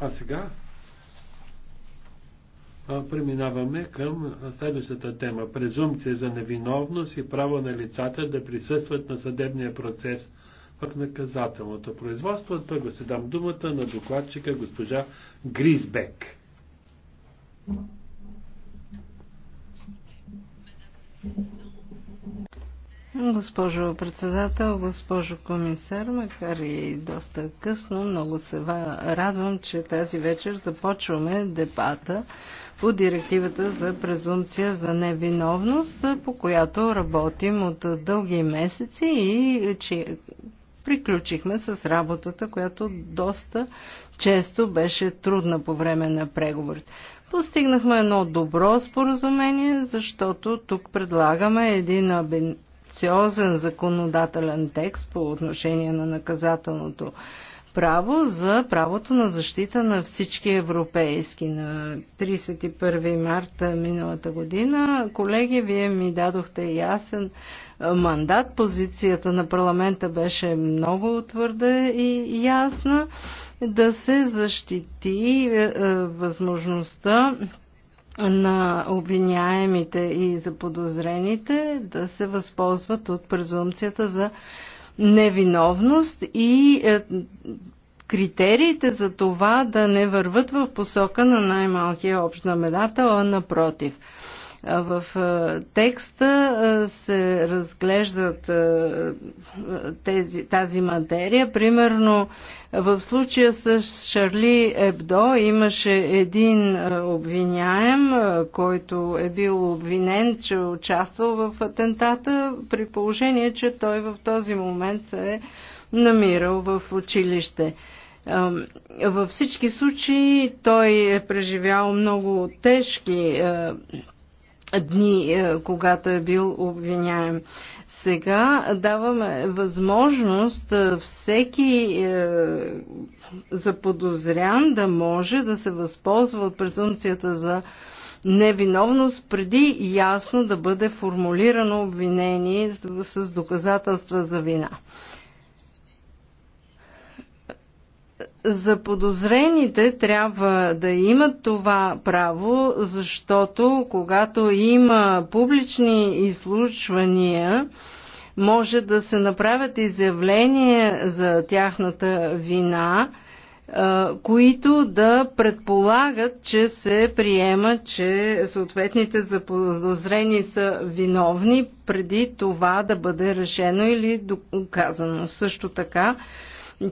А сега преминаваме към следващата тема. Презумпция за невиновност и право на лицата да присъстват на съдебния процес в наказателното производство. Първо се дам думата на докладчика госпожа Гризбек. Thank you. Госпожо председател, госпожо комисар, макар и доста късно, много се радвам, че тази вечер започваме дебата по директивата за презумпция за невиновност, по която работим от дълги месеци и че приключихме с работата, която доста често беше трудна по време на преговорите. Постигнахме едно добро споразумение, защото тук предлагаме един амбициозен законодателен текст по отношение на наказателното право за правото на защита на всички европейски. На 31 марта миналата година, колеги, вие ми дадохте ясен мандат. Позицията на парламента беше много твърда и ясна да се защити е, е, възможността на обвиняемите и заподозрените да се възползват от презумцията за невиновност и е, критериите за това да не върват в посока на най-малкия общ знаменател, а напротив – в текста се разглеждат тези, тази материя. Примерно в случая с Шарли Ебдо имаше един обвиняем, който е бил обвинен, че е участвал в атентата, при положение, че той в този момент се е намирал в училище. Във всички случаи той е преживял много тежки дни, е, когато е бил обвиняем. Сега даваме възможност е, всеки е, заподозрян да може да се възползва от презумцията за невиновност преди ясно да бъде формулирано обвинение с доказателства за вина. за подозрените трябва да имат това право, защото когато има публични изслушвания, може да се направят изявления за тяхната вина, които да предполагат, че се приема, че съответните заподозрени са виновни преди това да бъде решено или доказано. Също така,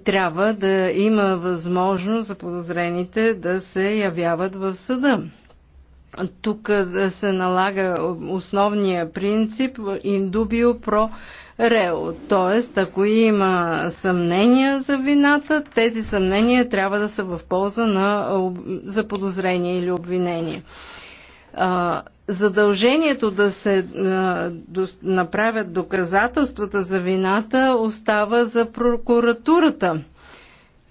трябва да има възможност за подозрените да се явяват в съда. Тук да се налага основния принцип индубио про рео. Тоест, ако има съмнения за вината, тези съмнения трябва да са в полза на подозрение или обвинение задължението да се направят доказателствата за вината остава за прокуратурата.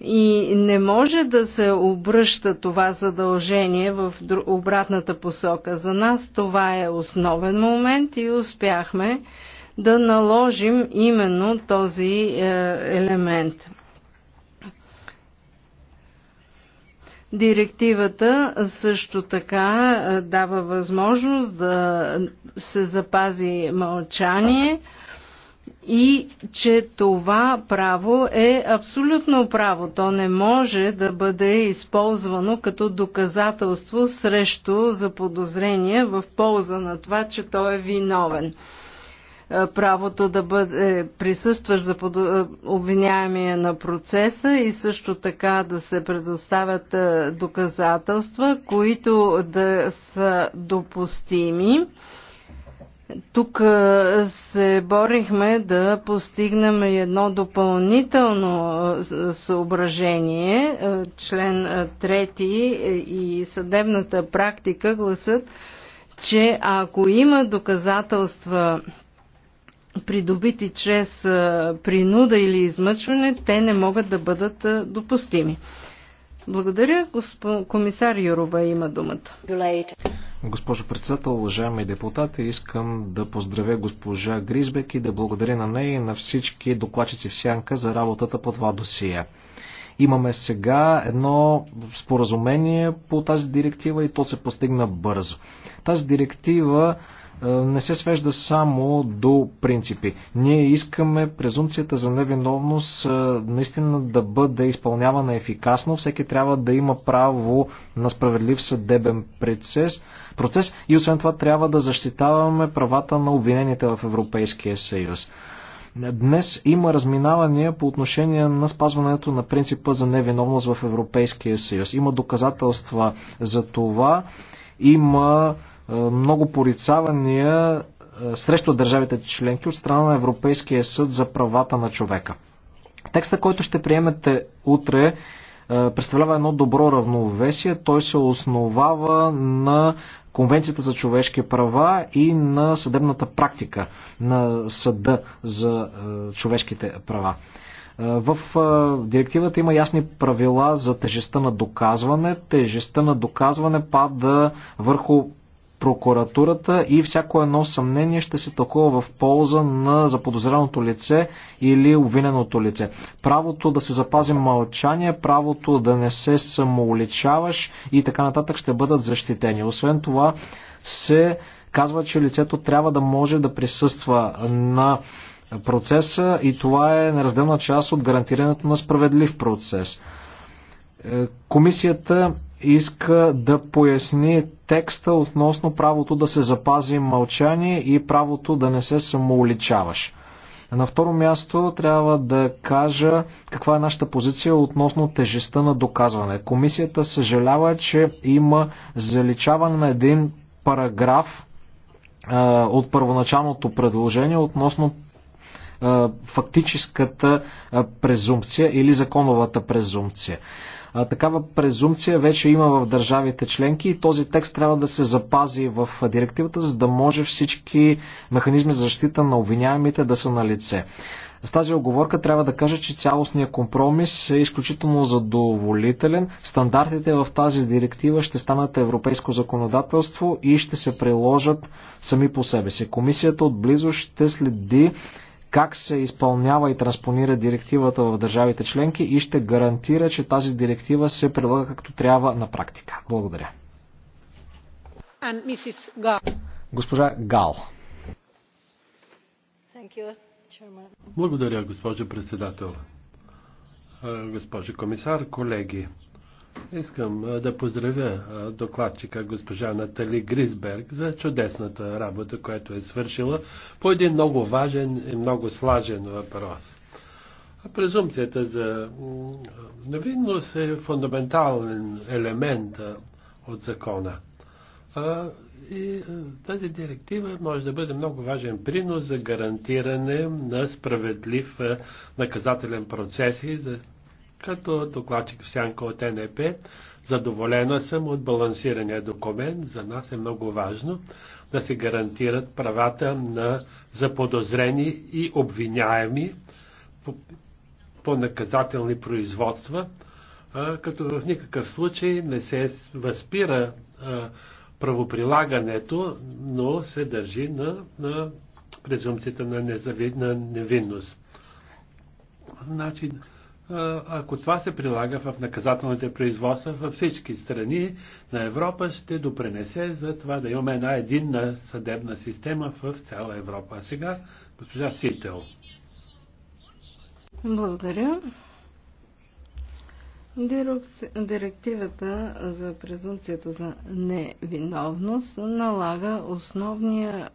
И не може да се обръща това задължение в обратната посока. За нас това е основен момент и успяхме да наложим именно този е, елемент. Директивата също така дава възможност да се запази мълчание и че това право е абсолютно право. То не може да бъде използвано като доказателство срещу заподозрение в полза на това, че той е виновен. Е, правото да бъде присъстваш за е, обвиняемия на процеса и също така да се предоставят е, доказателства, които да са допустими. Тук се борихме да постигнем едно допълнително съображение. Член 3 и съдебната практика гласат, че ако има доказателства придобити чрез принуда или измъчване, те не могат да бъдат допустими. Благодаря. Госпо... Комисар Юрова има думата. Госпожо председател, уважаеми депутати, искам да поздравя госпожа Гризбек и да благодаря на нея и на всички докладчици в Сянка за работата по това досия. Имаме сега едно споразумение по тази директива и то се постигна бързо. Тази директива е, не се свежда само до принципи. Ние искаме презумцията за невиновност е, наистина да бъде изпълнявана ефикасно. Всеки трябва да има право на справедлив съдебен процес, процес и освен това трябва да защитаваме правата на обвинените в Европейския съюз. Днес има разминавания по отношение на спазването на принципа за невиновност в Европейския съюз. Има доказателства за това. Има е, много порицавания е, срещу държавите членки от страна на Европейския съд за правата на човека. Текста, който ще приемете утре, е, представлява едно добро равновесие. Той се основава на Конвенцията за човешки права и на съдебната практика на съда за човешките права. В директивата има ясни правила за тежестта на доказване. Тежестта на доказване пада върху прокуратурата и всяко едно съмнение ще се тълкува в полза на заподозреното лице или обвиненото лице. Правото да се запази мълчание, правото да не се самоуличаваш и така нататък ще бъдат защитени. Освен това се казва, че лицето трябва да може да присъства на процеса и това е неразделна част от гарантирането на справедлив процес. Е, комисията иска да поясни текста относно правото да се запази мълчание и правото да не се самоуличаваш. На второ място трябва да кажа каква е нашата позиция относно тежестта на доказване. Комисията съжалява, че има заличаване на един параграф а, от първоначалното предложение относно а, фактическата презумпция или законовата презумпция. А, такава презумпция вече има в държавите членки и този текст трябва да се запази в директивата, за да може всички механизми за защита на обвиняемите да са на лице. С тази оговорка трябва да кажа, че цялостният компромис е изключително задоволителен. Стандартите в тази директива ще станат европейско законодателство и ще се приложат сами по себе си. Комисията отблизо ще следи как се изпълнява и транспонира директивата в държавите членки и ще гарантира, че тази директива се прилага както трябва на практика. Благодаря. Госпожа Гал. Благодаря, госпожа председател. Е, госпожа комисар, колеги. Искам да поздравя докладчика госпожа Натали Гризберг за чудесната работа, която е свършила по един много важен и много слажен въпрос. Презумцията за невинност е фундаментален елемент от закона. И тази директива може да бъде много важен принос за гарантиране на справедлив наказателен процес и за като докладчик в сянка от НЕП, задоволена съм от балансирания документ. За нас е много важно да се гарантират правата на заподозрени и обвиняеми по, по наказателни производства, а, като в никакъв случай не се възпира а, правоприлагането, но се държи на, на презумцията на, незави, на невинност. Значи, ако това се прилага в наказателните производства във всички страни на Европа, ще допренесе за това да имаме една единна съдебна система в цяла Европа. А сега госпожа Сител. Благодаря. Директивата за презумцията за невиновност налага основния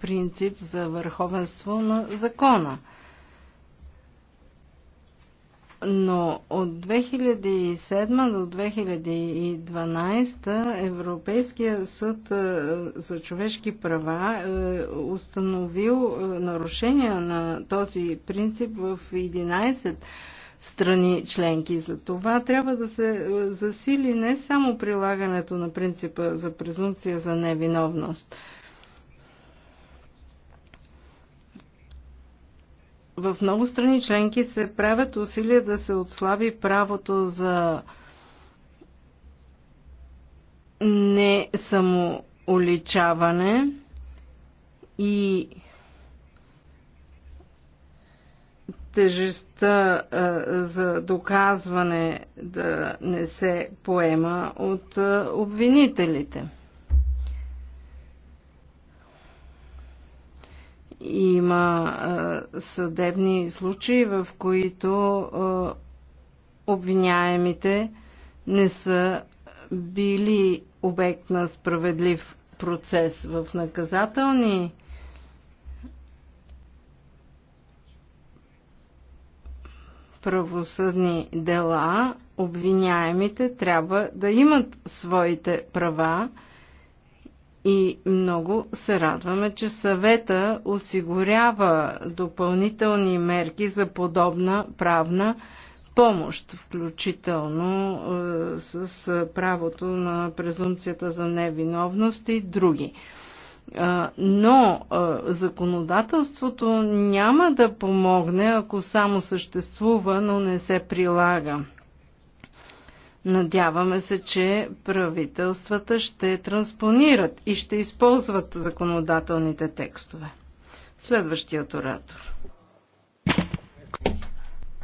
принцип за върховенство на закона – но от 2007 до 2012 Европейския съд е, за човешки права е установил е, нарушения на този принцип в 11 страни членки. За това трябва да се е, засили не само прилагането на принципа за презумпция за невиновност – в много страни членки се правят усилия да се отслаби правото за не уличаване и тежестта за доказване да не се поема от обвинителите. Има съдебни случаи, в които обвиняемите не са били обект на справедлив процес в наказателни правосъдни дела, обвиняемите трябва да имат своите права и много се радваме, че съвета осигурява допълнителни мерки за подобна правна помощ, включително е, с правото на презумпцията за невиновност и други. Е, но е, законодателството няма да помогне, ако само съществува, но не се прилага. Надяваме се, че правителствата ще транспонират и ще използват законодателните текстове. Следващият оратор.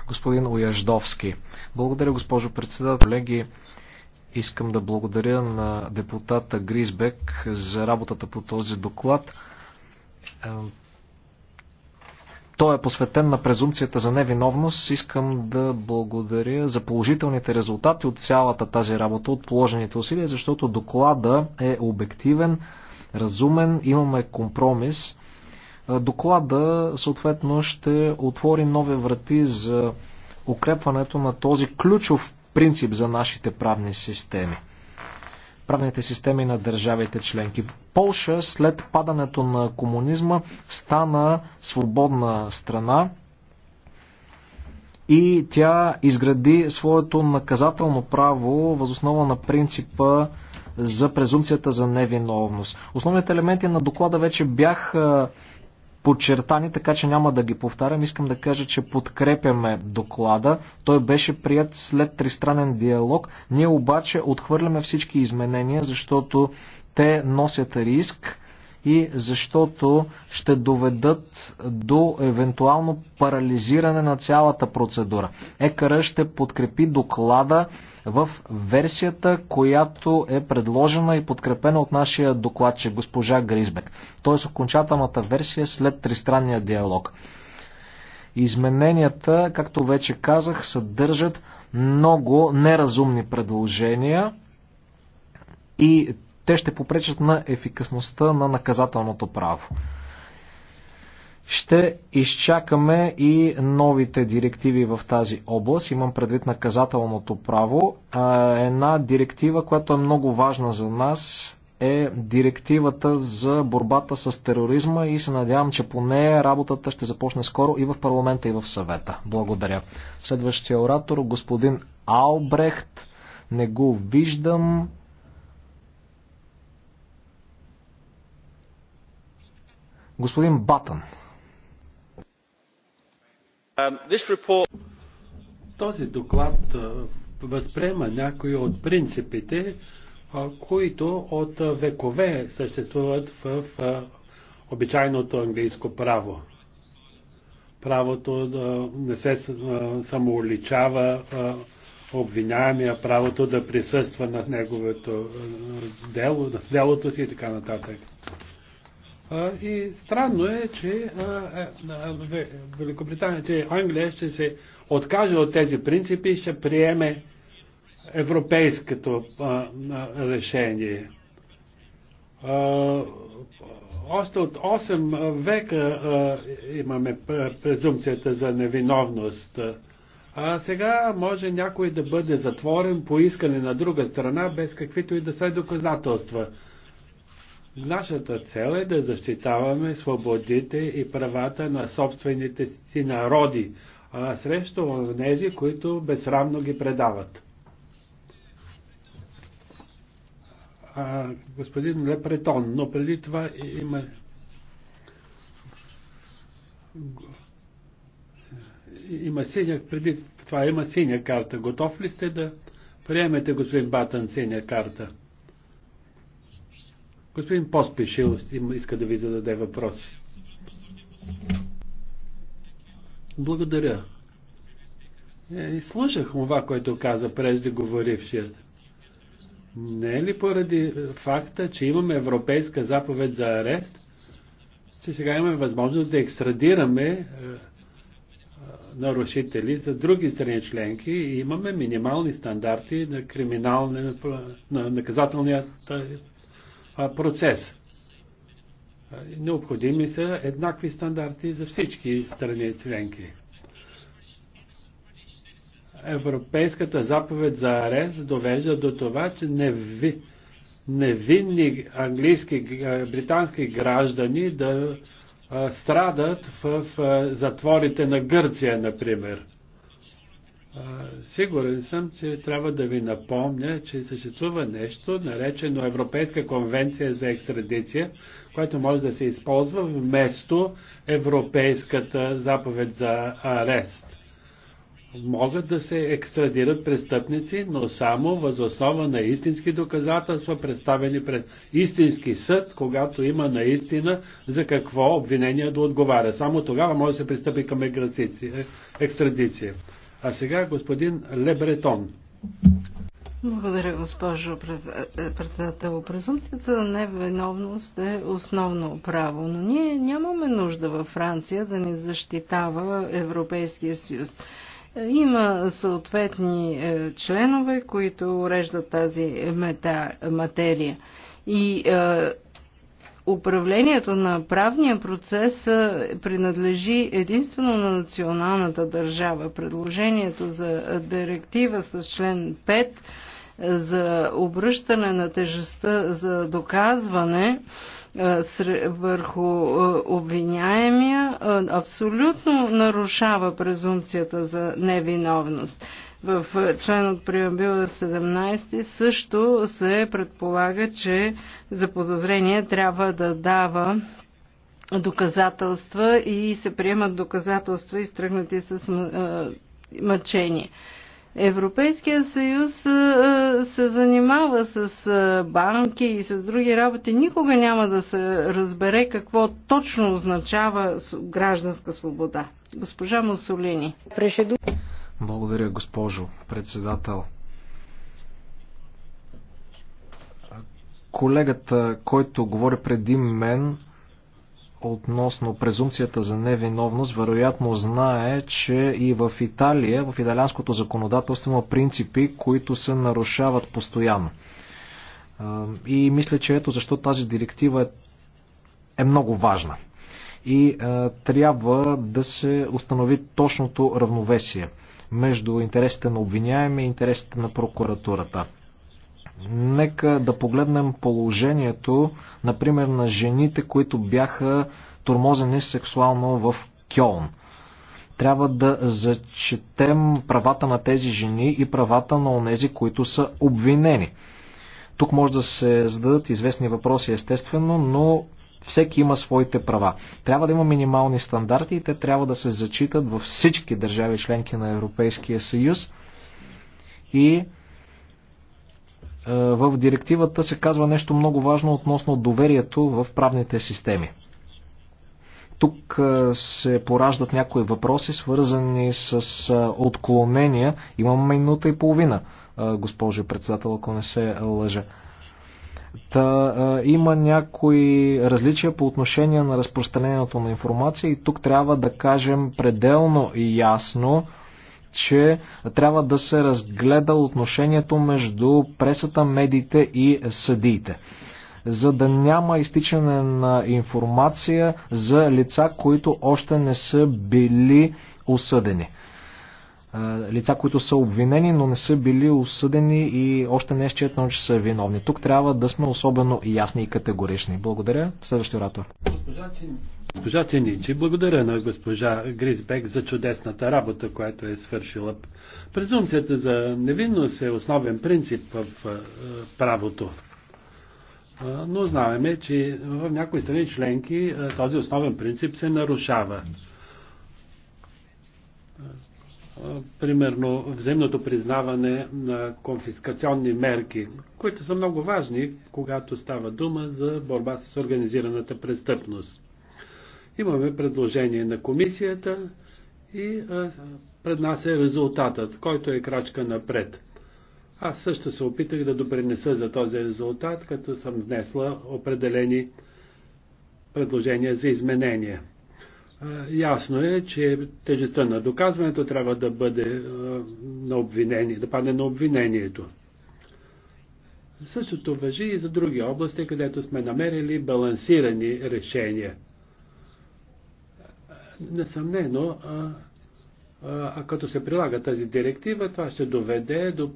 Господин Ояждовски. Благодаря, госпожо председател. Колеги, искам да благодаря на депутата Гризбек за работата по този доклад той е посветен на презумцията за невиновност. Искам да благодаря за положителните резултати от цялата тази работа, от положените усилия, защото доклада е обективен, разумен, имаме компромис. Доклада съответно ще отвори нови врати за укрепването на този ключов принцип за нашите правни системи правните системи на държавите членки. Полша след падането на комунизма стана свободна страна и тя изгради своето наказателно право възоснова на принципа за презумцията за невиновност. Основните елементи на доклада вече бяха подчертани, така че няма да ги повтарям. Искам да кажа, че подкрепяме доклада. Той беше прият след тристранен диалог. Ние обаче отхвърляме всички изменения, защото те носят риск и защото ще доведат до евентуално парализиране на цялата процедура. ЕКР ще подкрепи доклада в версията, която е предложена и подкрепена от нашия докладчик госпожа Гризбек. Т.е. окончателната версия след тристранния диалог. Измененията, както вече казах, съдържат много неразумни предложения и те ще попречат на ефикасността на наказателното право. Ще изчакаме и новите директиви в тази област. Имам предвид наказателното право. Една директива, която е много важна за нас, е директивата за борбата с тероризма и се надявам, че по нея работата ще започне скоро и в парламента, и в съвета. Благодаря. Следващия оратор, господин Албрехт. Не го виждам. Господин Батън. Um, Този доклад възприема някои от принципите, които от векове съществуват в обичайното английско право. Правото да не се самоуличава обвиняемия, правото да присъства на неговото дело, на делото си и така нататък. И странно е, че е, Великобритания, че Англия ще се откаже от тези принципи и ще приеме европейското решение. Още от 8 века имаме презумцията за невиновност. А сега може някой да бъде затворен по искане на друга страна, без каквито и да са доказателства. Нашата цел е да защитаваме свободите и правата на собствените си народи а, срещу тези, които безсрамно ги предават. А, господин Лепретон, но преди това има има синя, преди това има синя карта. Готов ли сте да приемете господин Батън синя карта? Господин Поспешил иска да ви зададе въпроси. Благодаря. Е, и слушах това, което каза преждеговорившият. Не е ли поради факта, че имаме европейска заповед за арест, че сега имаме възможност да екстрадираме е, е, нарушители за други страни членки и имаме минимални стандарти на криминалния, на наказателния процес. Необходими са еднакви стандарти за всички страни членки. Европейската заповед за арест довежда до това, че неви, невинни английски, британски граждани да страдат в затворите на Гърция, например сигурен съм, че трябва да ви напомня, че съществува нещо, наречено Европейска конвенция за екстрадиция, което може да се използва вместо Европейската заповед за арест. Могат да се екстрадират престъпници, но само възоснова на истински доказателства, представени пред истински съд, когато има наистина за какво обвинение да отговаря. Само тогава може да се пристъпи към екстрадиция. А сега господин Лебретон. Благодаря, госпожо е, председател. Презумцията на невиновност е основно право, но ние нямаме нужда във Франция да ни защитава Европейския съюз. Има съответни е, членове, които уреждат тази материя. И е, управлението на правния процес принадлежи единствено на националната държава. Предложението за директива с член 5 за обръщане на тежестта за доказване върху обвиняемия абсолютно нарушава презумпцията за невиновност в е, член от преамбила 17 също се предполага, че за подозрение трябва да дава доказателства и се приемат доказателства изтръгнати с е, мъчение. Европейския съюз е, се занимава с банки и с други работи. Никога няма да се разбере какво точно означава гражданска свобода. Госпожа Мусолини. Благодаря, госпожо председател. Колегата, който говори преди мен относно презумцията за невиновност, вероятно знае, че и в Италия, в италианското законодателство има принципи, които се нарушават постоянно. И мисля, че ето защо тази директива е, е много важна. И е, трябва да се установи точното равновесие между интересите на обвиняеми и интересите на прокуратурата. Нека да погледнем положението, например, на жените, които бяха тормозени сексуално в Кьолн. Трябва да зачетем правата на тези жени и правата на онези, които са обвинени. Тук може да се зададат известни въпроси, естествено, но всеки има своите права. Трябва да има минимални стандарти и те трябва да се зачитат във всички държави членки на Европейския съюз. И е, в директивата се казва нещо много важно относно доверието в правните системи. Тук е, се пораждат някои въпроси, свързани с е, отклонения. Имам минута и половина, госпожо председател, ако не се лъжа. Та, а, има някои различия по отношение на разпространението на информация и тук трябва да кажем пределно и ясно, че трябва да се разгледа отношението между пресата, медиите и съдиите за да няма изтичане на информация за лица, които още не са били осъдени лица, които са обвинени, но не са били осъдени и още не е счетно, че са виновни. Тук трябва да сме особено ясни и категорични. Благодаря. Следващия оратор. Госпожа Ченичи, благодаря на госпожа Гризбек за чудесната работа, която е свършила. Презумцията за невинност е основен принцип в правото. Но знаеме, че в някои страни членки този основен принцип се нарушава примерно взаимното признаване на конфискационни мерки, които са много важни, когато става дума за борба с организираната престъпност. Имаме предложение на комисията и пред нас е резултатът, който е крачка напред. Аз също се опитах да допринеса за този резултат, като съм внесла определени предложения за изменения. Ясно е, че тежестта на доказването трябва да бъде на обвинение, да падне на обвинението. Същото въжи и за други области, където сме намерили балансирани решения. Несъмнено, а, а, а като се прилага тази директива, това ще доведе до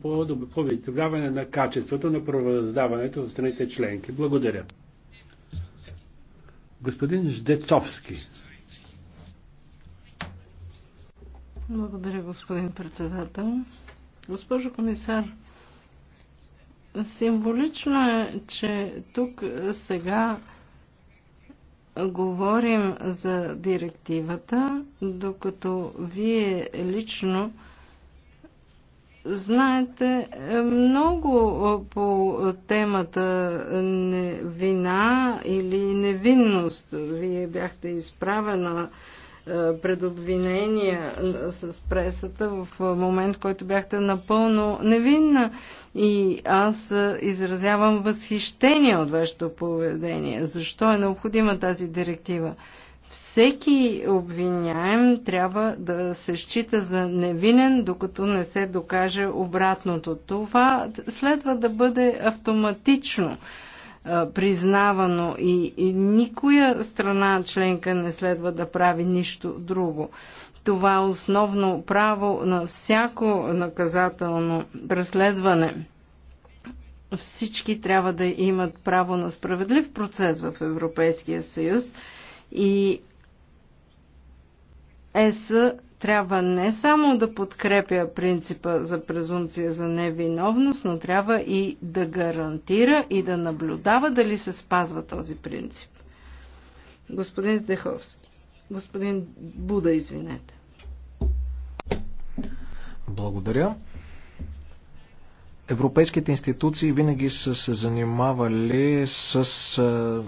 повитовяване на качеството на правораздаването от страните членки. Благодаря. Господин Ждецовски. Благодаря, господин председател. Госпожо комисар, символично е, че тук сега говорим за директивата, докато вие лично знаете е, много по темата вина или невинност. Вие бяхте изправена е, предобвинения е, с пресата в е, момент, в който бяхте напълно невинна. И аз изразявам възхищение от вашето поведение. Защо е необходима тази директива? Всеки обвиняем трябва да се счита за невинен, докато не се докаже обратното. Това следва да бъде автоматично признавано и, и никоя страна членка не следва да прави нищо друго. Това е основно право на всяко наказателно преследване. Всички трябва да имат право на справедлив процес в Европейския съюз и ЕС трябва не само да подкрепя принципа за презумпция за невиновност, но трябва и да гарантира и да наблюдава дали се спазва този принцип. Господин Здеховски. Господин Буда, извинете. Благодаря. Европейските институции винаги са се занимавали с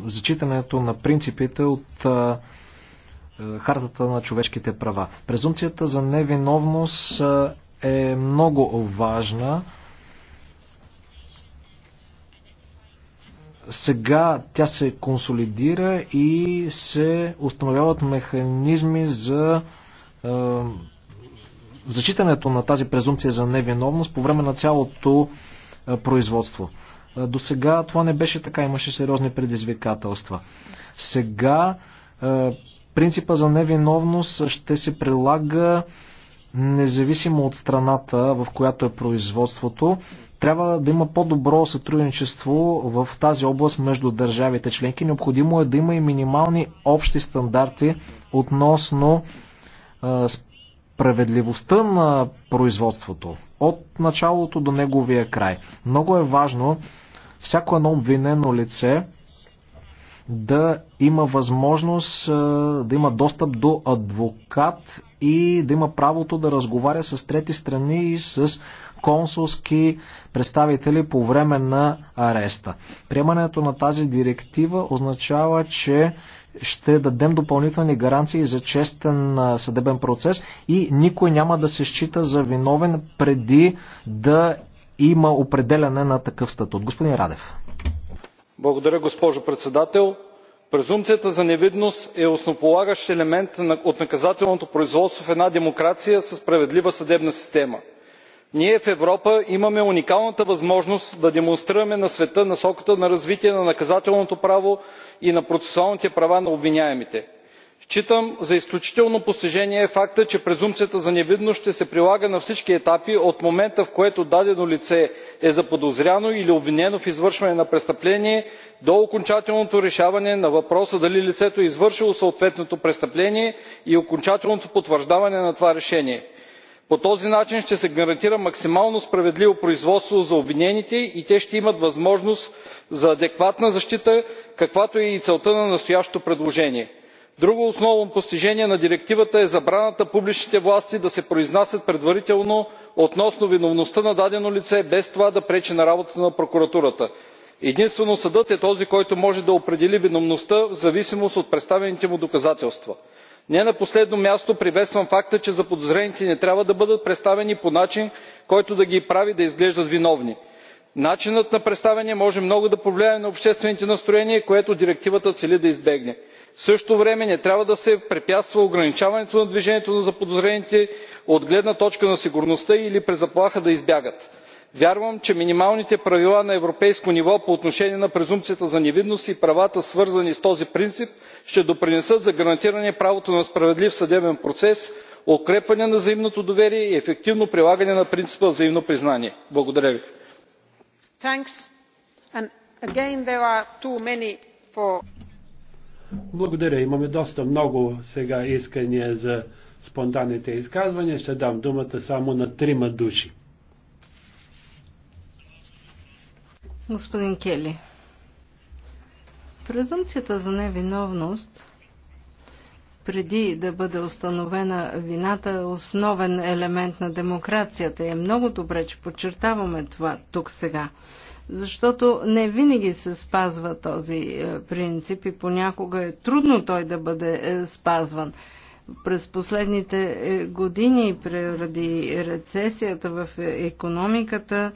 зачитането на принципите от е, хартата на човешките права. Презумцията за невиновност е, е много важна. Сега тя се консолидира и се установяват механизми за е, зачитането на тази презумпция за невиновност по време на цялото е, производство. Е, до сега това не беше така, имаше сериозни предизвикателства. Сега е, Принципа за невиновност ще се прилага независимо от страната, в която е производството. Трябва да има по-добро сътрудничество в тази област между държавите членки. Необходимо е да има и минимални общи стандарти относно справедливостта на производството от началото до неговия край. Много е важно всяко едно обвинено лице да има възможност да има достъп до адвокат и да има правото да разговаря с трети страни и с консулски представители по време на ареста. Приемането на тази директива означава, че ще дадем допълнителни гаранции за честен съдебен процес и никой няма да се счита за виновен преди да има определяне на такъв статут. Господин Радев госпожо председател. презумпцията за невинност е основополагащ елемент от наказателното производство в една демокрация със справедлива съдебна система. ние в европа имаме уникалната възможност да демонстрираме на света насоката на развитие на наказателното право и на процесуалните права на обвиняемите считам за изключително постижение факта че презумпцията за невинност ще се прилага на всички етапи от момента в който дадено лице е заподозряно или обвинено в извършване на престъпление до окончателното решаване на въпроса дали лицето е извършило съответното престъпление и окончателното потвърждаване на това решение. по този начин ще се гарантира максимално справедливо производство за обвинените и те ще имат възможност за адекватна защита каквато е и целта на настоящото предложение друго основно постижение на директивата е забраната публичните власти да се произнасят предварително относно виновността на дадено лице без това да пречи на работата на прокуратурата. единствено съдът е този който може да определи виновността в зависимост от представените му доказателства. не на последно място приветствам факта че заподозрените не трябва да бъдат представени по начин който да ги прави да изглеждат виновни. начинът на представяне може много да повлияе на обществените настроения което директивата цели да избегне в същото време не трябва да се препятства ограничаването на движението на заподозрените от гледна точка на сигурността или при заплаха да избягат. вярвам че минималните правила на европейско ниво по отношение на презумпцията за невинност и правата свързани с този принцип ще допринесат за гарантиране правото на справедлив съдебен процес укрепване на взаимното доверие и ефективно прилагане на принципа взаимно признание. благодаря ви. Благодаря. Имаме доста много сега искания за спонтанните изказвания. Ще дам думата само на трима души. Господин Кели, презумцията за невиновност преди да бъде установена вината е основен елемент на демокрацията. Е много добре, че подчертаваме това тук сега защото не винаги се спазва този е, принцип и понякога е трудно той да бъде е, спазван. През последните е, години, преди рецесията в економиката,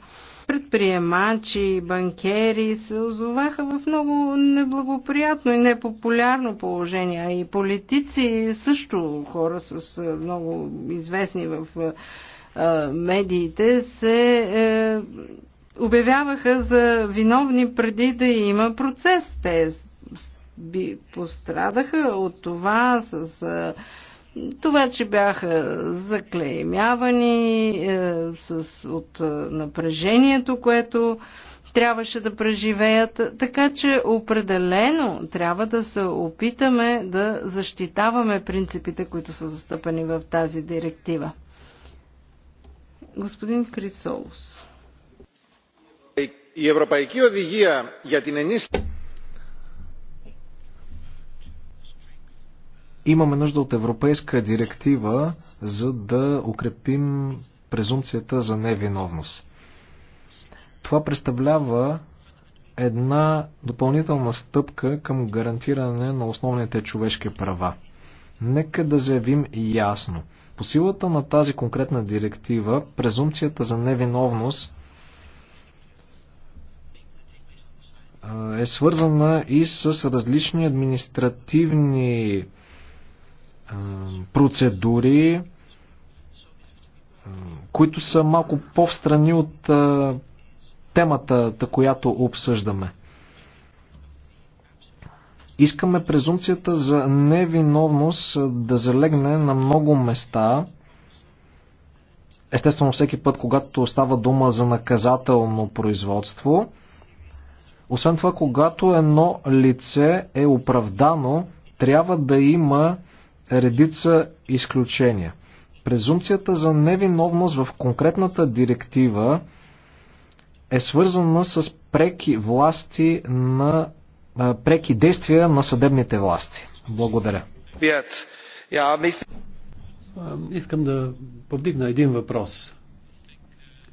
предприемачи, банкери се озоваха в много неблагоприятно и непопулярно положение. И политици също, хора с много известни в медиите, се обявяваха за виновни преди да има процес. Те би пострадаха от това с това, че бяха заклеймявани е, с, от напрежението, което трябваше да преживеят. Така че определено трябва да се опитаме да защитаваме принципите, които са застъпани в тази директива. Господин Крисолус η ευρωπαϊκή οδηγία για την ενίσχυση имаме нужда от европейска директива, за да укрепим презумпцията за невиновност. Това представлява една допълнителна стъпка към гарантиране на основните човешки права. Нека да заявим ясно. По силата на тази конкретна директива, презумпцията за невиновност е свързана и с различни административни процедури, които са малко по-встрани от темата, която обсъждаме. Искаме презумцията за невиновност да залегне на много места. Естествено, всеки път, когато става дума за наказателно производство, освен това, когато едно лице е оправдано, трябва да има редица изключения. Презумцията за невиновност в конкретната директива е свързана с преки власти на преки действия на съдебните власти. Благодаря. Искам да повдигна един въпрос.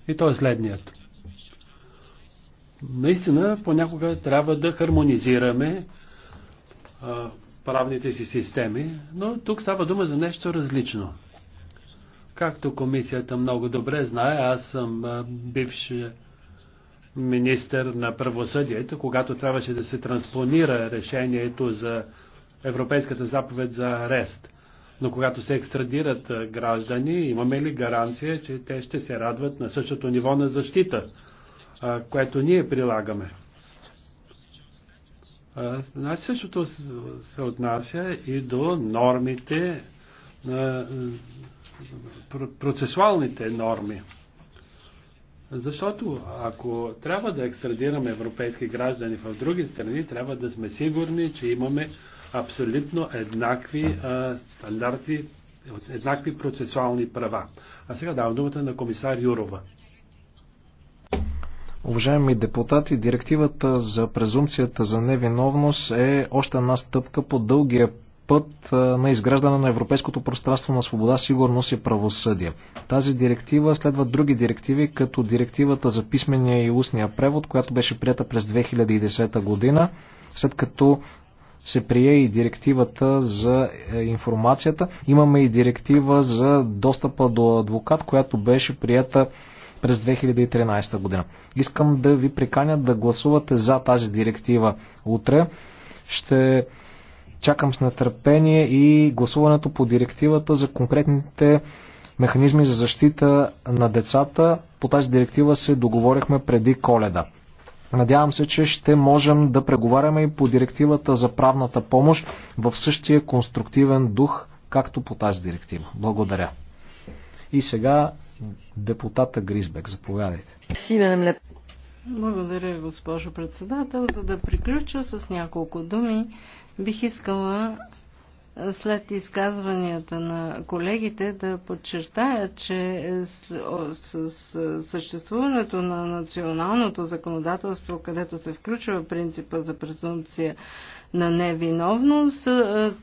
И то е следният наистина понякога трябва да хармонизираме а, правните си системи, но тук става дума за нещо различно. Както комисията много добре знае, аз съм бивш министър на правосъдието, когато трябваше да се транспонира решението за Европейската заповед за арест. Но когато се екстрадират граждани, имаме ли гаранция, че те ще се радват на същото ниво на защита? което ние прилагаме. Значи същото се отнася и до нормите, процесуалните норми. Защото ако трябва да екстрадираме европейски граждани в други страни, трябва да сме сигурни, че имаме абсолютно еднакви а, стандарти, еднакви процесуални права. А сега давам думата на комисар Юрова. Уважаеми депутати, директивата за презумпцията за невиновност е още една стъпка по дългия път на изграждане на европейското пространство на свобода, сигурност и правосъдие. Тази директива следва други директиви, като директивата за писмения и устния превод, която беше прията през 2010 година, след като се прие и директивата за е, информацията. Имаме и директива за достъпа до адвокат, която беше прията през 2013 година. Искам да ви приканя да гласувате за тази директива утре. Ще чакам с нетърпение и гласуването по директивата за конкретните механизми за защита на децата. По тази директива се договорихме преди коледа. Надявам се, че ще можем да преговаряме и по директивата за правната помощ в същия конструктивен дух, както по тази директива. Благодаря. И сега депутата Гризбек. Заповядайте. Благодаря, госпожо председател. За да приключа с няколко думи, бих искала е, след изказванията на колегите да подчертая, че е с, съществуването на националното законодателство, където се включва принципа за презумпция на невиновност,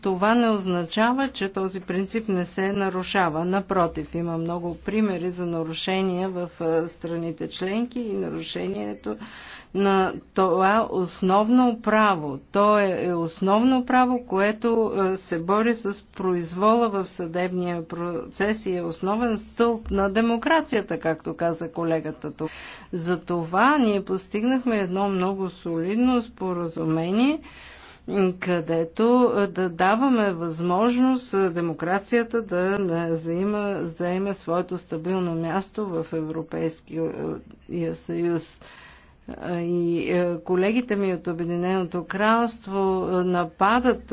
това не означава, че този принцип не се нарушава. Напротив, има много примери за нарушения в страните членки и нарушението на това основно право. То е, е основно право, което се бори с произвола в съдебния процес и е основен стълб на демокрацията, както каза колегата тук. За това ние постигнахме едно много солидно споразумение – където да даваме възможност демокрацията да заима, заиме своето стабилно място в Европейския съюз. И колегите ми от Обединеното кралство нападат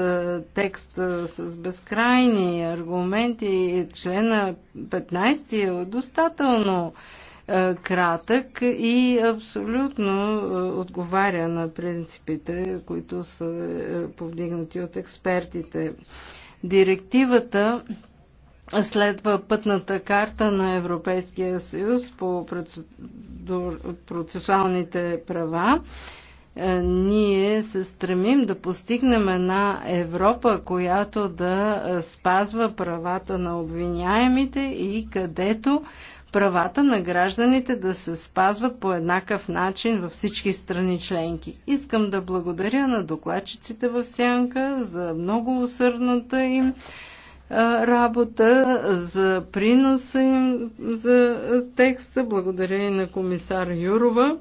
текст с безкрайни аргументи. Члена 15 е достатъчно е, кратък и абсолютно е, отговаря на принципите, които са е, повдигнати от експертите. Директивата следва пътната карта на Европейския съюз по процесуалните права. Ние се стремим да постигнем една Европа, която да спазва правата на обвиняемите и където правата на гражданите да се спазват по еднакъв начин във всички страни членки. Искам да благодаря на докладчиците в Сянка за много усърдната им работа, за приноса им за текста. Благодаря и на комисар Юрова,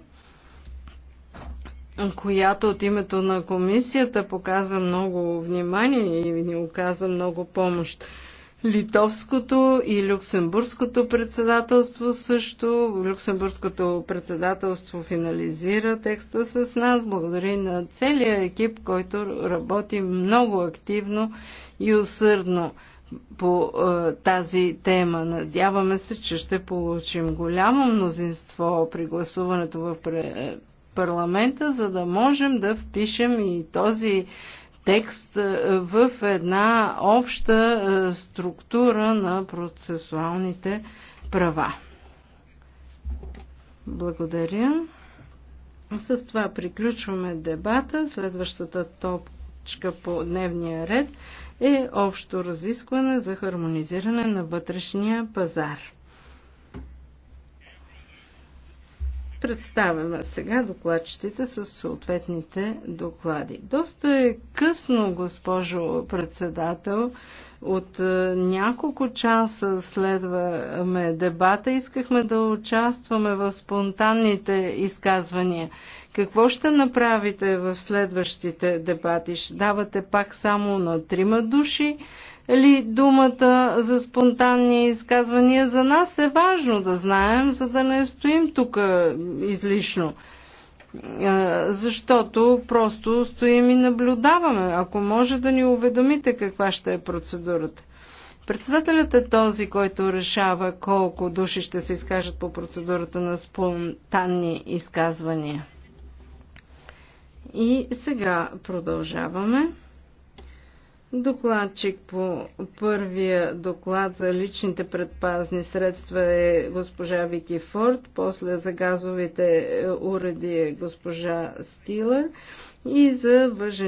която от името на комисията показа много внимание и ни оказа много помощ. Литовското и Люксембургското председателство също. Люксембургското председателство финализира текста с нас. Благодаря на целия екип, който работи много активно и усърдно по е, тази тема. Надяваме се, че ще получим голямо мнозинство при гласуването в парламента, за да можем да впишем и този текст е, в една обща е, структура на процесуалните права. Благодаря. С това приключваме дебата. Следващата точка по дневния ред е общо разискване за хармонизиране на вътрешния пазар. Представяме сега докладчетите с съответните доклади. Доста е късно, госпожо председател. От е, няколко часа следваме дебата. Искахме да участваме в спонтанните изказвания. Какво ще направите в следващите дебати? Ще давате пак само на трима души ли думата за спонтанни изказвания? За нас е важно да знаем, за да не стоим тук излишно. Защото просто стоим и наблюдаваме. Ако може да ни уведомите каква ще е процедурата. Председателят е този, който решава колко души ще се изкажат по процедурата на спонтанни изказвания. И сега продължаваме. Докладчик по първия доклад за личните предпазни средства е госпожа Вики Форд, после за газовите уреди е госпожа Стилър и за въжените